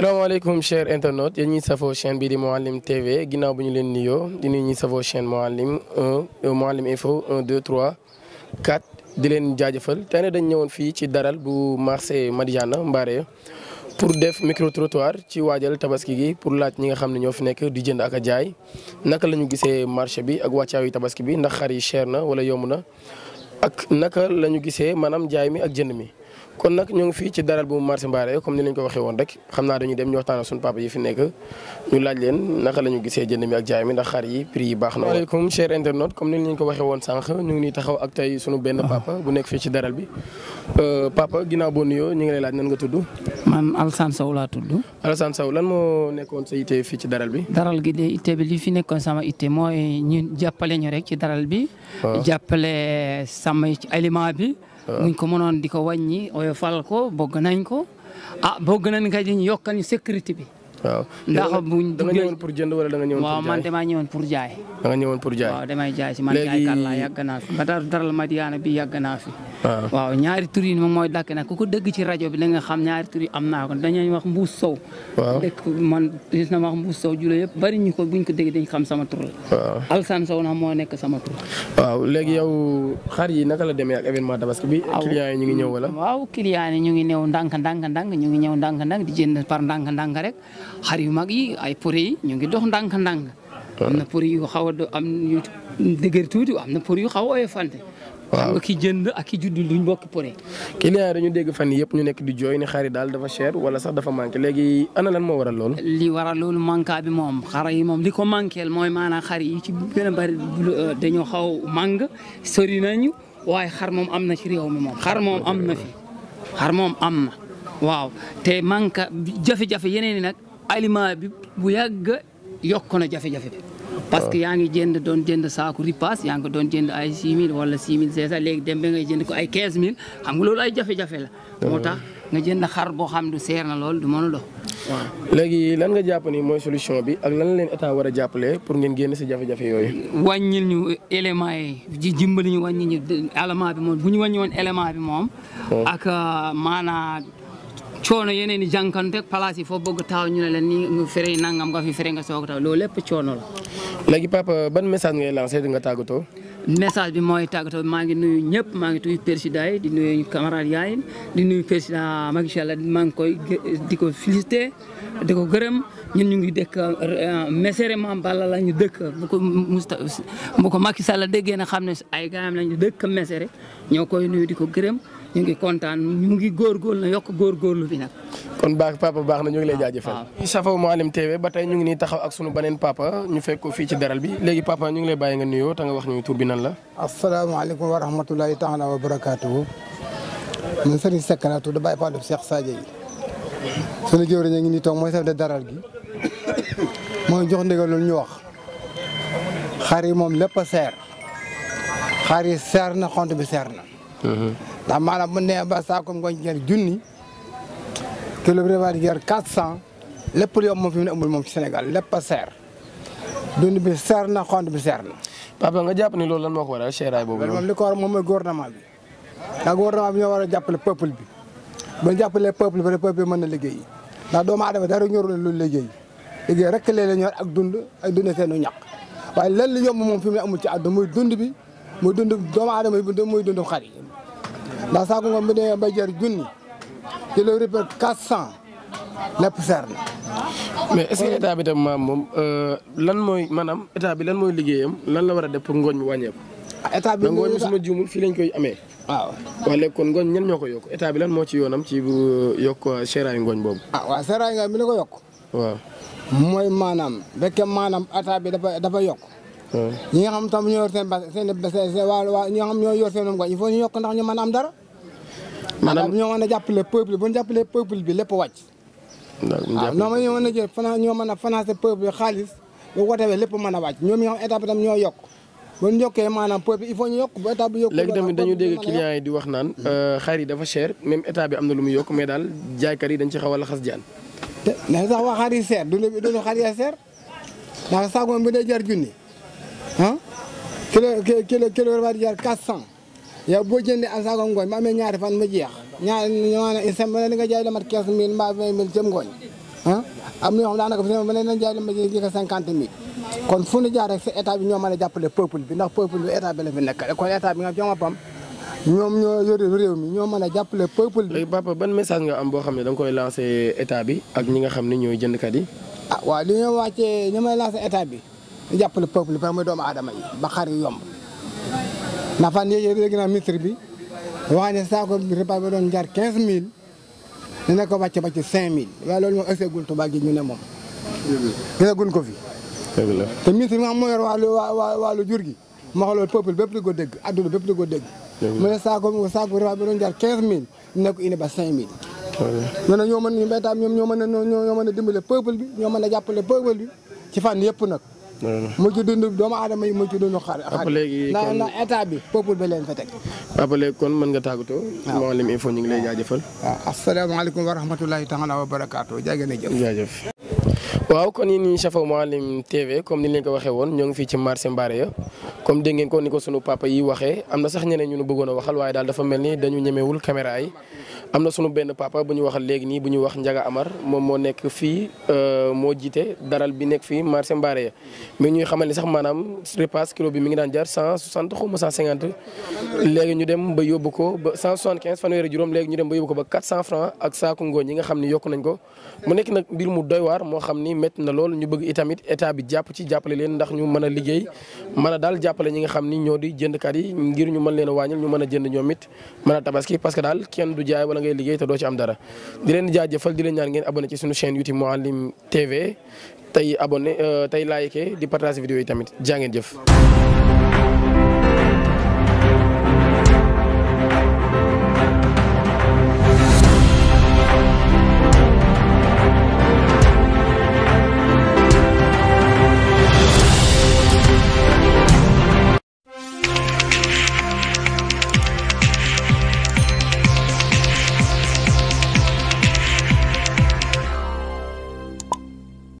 salaamaaleykum chers internautes yéen ñuy safoo chaîne bi di Mouhalim TV ginnaaw bu ñu leen nuyoo di nuyu ñuy safoo chaîne Mouhalim 1 euh, Mouhalim info 1 2 3 4 di leen jaajëfal tey nag dañ ñëwoon fii ci daral bu marché Madiana Mbare pour def micro trottoir ci waajal tabaski gi pour laaj ñi nga xam ne ñoo fi nekk di jënd ak a jaay naka la ñu gisee marché bi ak wàccaayu tabaski bi ndax xar yi cher na wala yomb na ak naka lañu gisee maanaam jaay mi ak jënd mi. kon nag ñoo ngi fii ci daral bu marché Mbaré comme ni lañ ko waxee woon rek xam naa dañuy dem ñu waxtaan suñu papa yi fi nekk ñu laaj leen la gisee jënd mi ak jaay mi ndax xar yi prix yi baax na. waaleykum cher ah. euh, boo nuyoo ñu ngi lay laaj nan nga tudd. man Alassane Sow laa tudd. Alassane Sow lan moo nekkoon sa ittee fii ci daral bi. daral gi de ittee bi li fi nekkoon sama ittee mooy ñu jàppale ñu rek ci daral bi. Ah. jàppale sama aliment bi. buñ ko mënoon di ko wàññi oyofal ko bëgg nañ ko ah bëgg nañ kay ñu yokkal ñi sécurité bi. waaw ndax buñ da nga ñëwoon pour jënd wala da nga ñëwoon pour jaay waaw man damaa ñëwoon pour jaay. da nga ñëwoon pour jaay waaw damay jaay si man jaay kan laa yàgg naa fi ba daral Madiana bi yàgg naa fi. Ah. waaw ñaari tur yi moom mooy dàkk nag ku ko dëgg ci rajo bi da nga xam ñaari tur yi am naa ko dañuy wax mbuus sow. waaw dëkk man gis na wax mbuus sow jula yëpp bari ñu ko buñ ko dégg dañ xam sama tur la. waaw alsan sow nag moo nekk sama tur. waaw léegi yow xar yi naka la demee ak événement tabaski bi. client yi ñu ngi ñëw wala. waaw client yi ñu ngi ñëw ndànk ndànk ndànk ñu ngi ñëw ndànk ndànk di jënd par ndànk ndànk rek xar yu mag yi ay pour yi ñu ngi dox ndànk-ndànk. am na pour yu xaw a am yu dëgër tuuti am na pour yu xaw a oyofante. waaw ki jënd ak ki juddu duñ bokk pour yi. client yi dañu dégg fan yëpp ñu nekk di jooy ni xar yi daal dafa cher wala sax dafa manqué léegi ana lan moo waral loolu. li waral loolu manqué bi moom xar yi moom li ko manqué mooy naa xar yi ci gën a bari euh, dañoo xaw màng sori nañu waaye xar moom am na ci réew mi moom xar moom am na fi moom am na waaw te manqué jafe yi nag. aliment bi bu yàgg yokk na jafe-jafe bi parce que ah. yaa ngi jënd doon jënd saaku ripaas yaa ngi doon jënd ay 6000 wala 6500 léegi dem ba ngay jënd ko ay 15000 xam nga loolu ay jafe-jafe la. Ah. moo tax nga jënd xar boo xam du seer na lool du mën a dox. léegi lan nga jàpp ni mooy solution bi ak lan leen état war a jàppale pour ngeen génn si jafe-jafe yooyu. wàññil ñu éléments yi ji jimbali ñu wàññil ñu élément bi moom bu ñu wàññi woon élément bi moom. Ah. Euh, maanaa coono yeneen i jànkanteeg place yi foo bëgg taxaw ñu ne leen nii nga fere nangam nga fi fere nga soog taw loolu lépp coono la. léegi papa ban message ngay lancé di nga tàggatoo. message bi mooy tàggatoo maa ngi nuyu ñëpp maa ngi tuyu président yi di nuyu camarades yaay di nuyu président Macky Sall maa ngi koy di ko félicité di ko gërëm ñun ñu ngi dëkk euh, messere Mame Balla ñu dëkk bu ko ko Macky Sall déggee na xam ne ay gaayam lañu dëkk Mesere ñoo koy nuyu di ko gërëm. ñu ngi kontaan mu ngi góorgóorlu na yokk góorgóorlu bi nag. kon baax papa baax na ñu ngi lay jaajëfal. waaw waaw Safo Mouhalim ba tey ñu ngi nii taxaw ak sunu beneen papa ñu fekk ko fii ci daral bi léegi papa ñu ngi lay bàyyi nga nuyoo te nga wax ñu la. asalaamaaleykum wa rahmatulahi taala wa barakaatuhu. man Serigne Seck laa tudd Baye Fallou Cheikh Sadio yi. sunu jëwriñ ñu toog mooy chef de daral gi mooy jox ndigal lu ñu wax. xar yi moom lépp a seer. xar yi seer na xont bi seer na. ndax maanaam bu nee ba saako ngooñ jar junni kilo rewaat jar quatre cent lépp lu yomb moom fi mu ne amul moom ci Sénégal lépp a seer dund bi seer na xont bi seer na. papa nga jàpp ni loolu lan moo ko waral seeraay boobu. moom li ko war moom mooy gouvernement bi ndax gouvernement bi ñoo war a jàppale peuple bi bu ñu jàppalee peuple bi rek peuple bi mën na liggéey ndax doomu aadama dara ñorul lu liggéey liggéey rek léeg-léeg ñor ak dund ak dund seenu ñaq waaye lan li yomb moom fi mu ne amul ci àdduna muy dund bi muy dund doomu aadama bi muy dund xar yi ndax saako ngoom bi demee bay jar junni kilo ripet quatre cent lépp seer na mais bi tam maam moom euh, lan mooy maanaam état bi lan mooy liggéeyam lan la war a def pour ngooñ mi wàññeeku. Ah, état bi ngooñ mi su ma juumul fii lañ koy amee. waaw waaye lekkoon kon ngooñ ñen ñoo ko yokk état bi lan moo ci yoonam ci euh, yokk euh, seeraayu ngooñ boobu. a ah, waaw seeraayu ngooñ bi la ko yokk. waaw mooy maanaam fekkee maanaam état bi dafa dafa yokk. ñi nga xam tam ñoo yor seen bas seen waa ñi nga xam ñoo yor seen om il faut ñu yokk ndax ñu mën a am dara maanaam ñoo man a jàppale peuple bu ñu jàppale bi lépp wàcc ma a jël ñoom ñoo mën a financé bi xaalis ñoo yokk bu ñu yokkee maanaam peuple il faut ñu yokk bu état bi yokk léegi tamit dañu dégg clients yi di wax naan euh, xar yi dafa cher même état bi am na lu mu yokk mais daal jaaykat yi dañ ci xaw a laxas jaan te sax wax xar yi seer du lu xar yi seer ndax jar junni kilo kilo kilo war di jar quatre cent yow boo jëndee am saako ngooñ ma ñaari fan ma jeex ñaar maanaam nga jaay la mat quinze mille mbaa vingt mille jëm ngooñ ah na yoo xam daanaka fi ma leen jaay la ma jeex cinquante mille kon fu ñu jaar rek si état bi ñoo mën a jàppale peuple bi ndax peuple bi état bi la fi nekk kon état bi nga mi ñoo mën a jàppale peuple bi. ban message nga am boo xam ne da nga koy lancé état bi ak ñi nga xam ne ñooy jëndkat yi. ah waaw li ñoo wàccee ñu may lancé état bi jàppale peuple bi mooy doomu aadama yi ba xar yi yomb ndax fan yii yëpp naa ministre bi wax ne saako repas bi doon jar quinze mille dina ko wàcc ba ci cinq mille waaye loolu moom ësseegul ñu ne moom. gisaguñ ko fi. te ministre bi nga xam moo yor wàllu waa wàllu jur gi ma wax bépp di ko dégg adduna bépp di ko dégg. mu ne saako saako repas bi doon jar quinze mille dina ko indi ba cinq mille. ñoo mën ñu ñoo mën a ñoo mën a dimbale peuple ñoo mën a jàppale peuple ci fànn yëpp nag. mu ci dund doomu aadama yi mu ci dund xar. papa léegi kon na état bi peuple bi leen fa teg. papa léegi kon mën nga tàggatoo. waaw Mouhalim Info ñu ngi lay jaajëfal. waaw asalaamaaleykum wa rahmatulahi taala wa barakaatu jaage na jëf. jaajëf. waaw kon nii ñii Chafaw Mouhalim TV comme ni leen ko waxee woon ñoo ngi fii ci marché Mbaré ya comme dégg ngeen ko ni ko sunu papa yi waxee am na sax ñeneen ñu nu bëggoon a waxal waaye daal dafa mel ni dañu ñemewul caméra yi. am na sunu benn papa bu ñu waxal léegi nii bu ñu wax Njaga Amar moom moo nekk fii euh, moo jiite daral bi nekk fii marché Mbaré ya mais ñuy xamal ni sax maanaam repas kilo bi mi ngi daan jar cent soixante xaw ma cent léegi ñu dem ba yóbbu ko ba cent soixante quinze fanweeri juróom léegi ñu dem ba yóbbu ko ba quatre cent francs ak saaku ngooñ yi ko métti na lool ñu bëgg itamit état bi jàpp ci jàppale leen ndax ñu mën a liggéey mën a daal jàppale ñi nga xam ni ñoo di jëndkat yi ngir ñu mën leen a ñu mën a jënd ñoom it mën a tabaski parce que daal kenn du jaay wala ngay liggéey te doo ci am dara di leen jaajëfal di leen ñaan ngeen abonné ci suñu chaîne YouTube ti TV tey abonné euh, tey liké di partage vidéo yi tamit jaa ngeen jëf